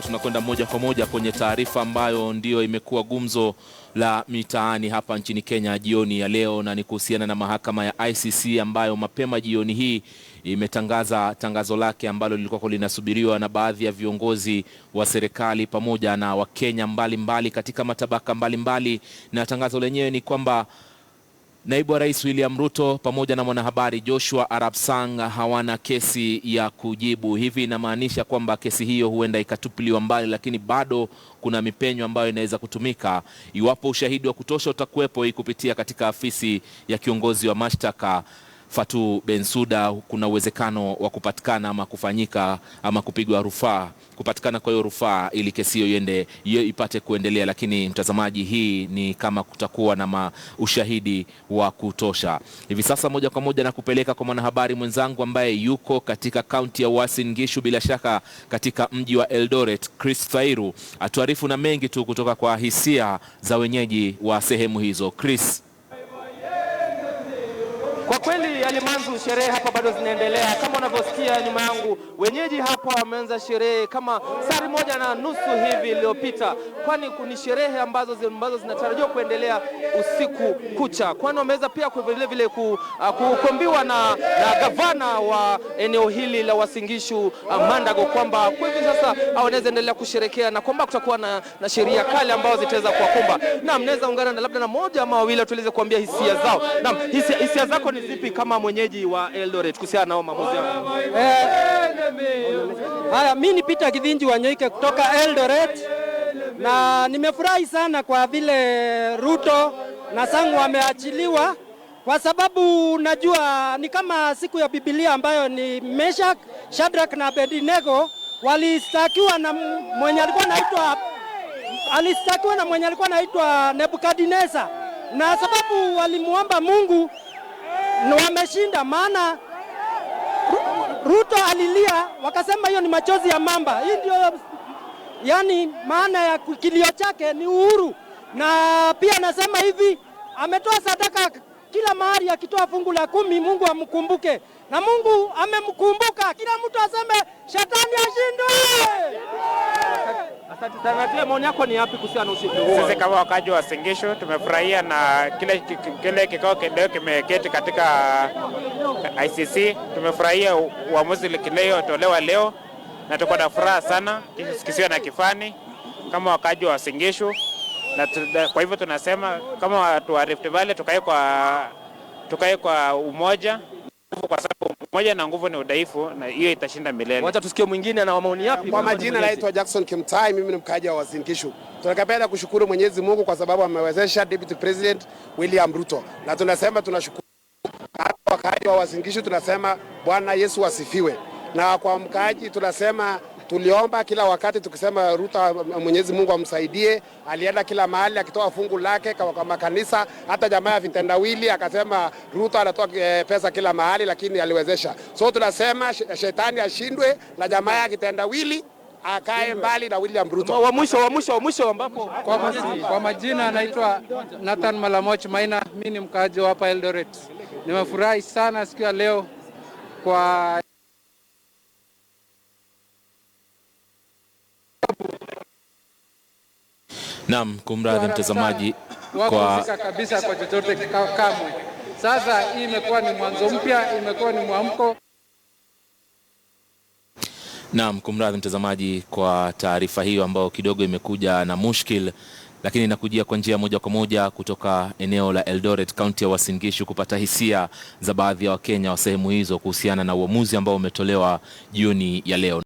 Kioko, tunakwenda moja kwa moja kwenye taarifa ambayo ndiyo imekuwa gumzo la mitaani hapa nchini Kenya jioni ya leo, na ni kuhusiana na mahakama ya ICC ambayo mapema jioni hii imetangaza tangazo lake ambalo lilikuwa linasubiriwa na baadhi ya viongozi wa serikali pamoja na Wakenya mbalimbali katika matabaka mbalimbali mbali, na tangazo lenyewe ni kwamba Naibu wa Rais William Ruto pamoja na mwanahabari Joshua Arap Sang hawana kesi ya kujibu. Hivi inamaanisha kwamba kesi hiyo huenda ikatupiliwa mbali, lakini bado kuna mipenyo ambayo inaweza kutumika iwapo ushahidi wa kutosha utakuwepo, hii kupitia katika afisi ya kiongozi wa mashtaka. Fatu Bensuda kuna uwezekano wa kupatikana ama kufanyika ama kupigwa rufaa, kupatikana kwa hiyo rufaa ili kesi hiyo iende ipate kuendelea. Lakini mtazamaji, hii ni kama kutakuwa na ushahidi wa kutosha. Hivi sasa moja kwa moja na kupeleka kwa mwanahabari mwenzangu ambaye yuko katika kaunti ya Uasin Gishu, bila shaka katika mji wa Eldoret, Chris Thairu atuarifu na mengi tu kutoka kwa hisia za wenyeji wa sehemu hizo. Chris kweli Alimanzu, sherehe hapa bado zinaendelea kama unavyosikia nyuma yangu. Wenyeji hapa wameanza sherehe kama sari moja na nusu hivi iliyopita, kwani ni sherehe ambazo, ambazo zinatarajiwa kuendelea usiku kucha, kwani wameweza pia vile vile ah, kukombiwa na, na gavana wa eneo hili la Wasingishu ah, Mandago kwamba kwa hivi sasa wanaweza endelea kusherekea na kwamba kutakuwa na, na sheria kali ambazo zitaweza kuwakumba na mnaweza ungana na labda na moja ama wawili tuweze kuambia hisia zao. Naam, hisia, hisia zako ni zipi kama kama mwenyeji wa Eldoret kuhusiana nao maamuzi yao? Eh, haya, mimi ni Peter Kidhinji wa Nyoike kutoka Eldoret, na nimefurahi sana kwa vile Ruto na Sangu wameachiliwa kwa sababu najua ni kama siku ya Biblia ambayo ni Meshak, Shadrach na Abednego walistakiwa na mwenye alikuwa anaitwa alistakiwa na mwenye alikuwa anaitwa Nebukadneza, na sababu walimuomba Mungu wameshinda, maana Ruto alilia, wakasema hiyo ni machozi ya mamba. Hii ndio yani maana ya kilio chake ni uhuru, na pia anasema hivi, ametoa sadaka kila mahali, akitoa fungu la kumi Mungu amkumbuke, na Mungu amemkumbuka. Kila mtu aseme shetani ashindwe. Tarajia maoni yako ni yapi kuhusiana na usiku huu? Sisi kama wakaji wa Singishu tumefurahia na kile kile kikao kileo kimeketi katika ICC. Tumefurahia uamuzi kiliotolewa leo na tuko na furaha sana kisiwe na kifani kama wakaji wa Singishu na kwa hivyo tunasema kama watu wa Rift Valley tukae kwa, tukae kwa umoja nguvu, kwa sababu moja na nguvu ni udhaifu, na hiyo itashinda milele. Wacha tusikie mwingine ana maoni yapi. Kwa majina, naitwa Jackson Kimtai, mimi ni mkaaji wa Uasin Gishu. Tunakapenda kushukuru Mwenyezi Mungu kwa sababu amewezesha Deputy President William Ruto, na tunasema tunashukuru wakaaji wa Uasin Gishu, tunasema Bwana Yesu asifiwe, na kwa mkaaji tunasema Tuliomba kila wakati tukisema Ruta, Mwenyezi Mungu amsaidie. Alienda kila mahali akitoa fungu lake kwa makanisa, hata jamaa ya vitendawili akasema Ruta anatoa eh, pesa kila mahali, lakini aliwezesha. So tunasema shetani ashindwe na jamaa ya kitendawili akae mbali na William Ruto. Wa mwisho wa mwisho wa mwisho ambapo kwa, ma, kwa majina anaitwa Nathan Malamoch Maina, mimi ni mkaaji wa hapa Eldoret. Nimefurahi sana siku ya leo kwa Naam, kumradhi mtazamaji kwa kabisa kwa chochote kamwe. Sasa hii imekuwa ni mwanzo mpya, imekuwa ni mwamko. Naam, kumradhi mtazamaji kwa taarifa hiyo ambayo kidogo imekuja na mushkil lakini inakujia kwa njia moja kwa moja kutoka eneo la Eldoret, kaunti ya Uasin Gishu, kupata hisia za baadhi ya Wakenya wa sehemu hizo kuhusiana na uamuzi ambao umetolewa jioni ya leo.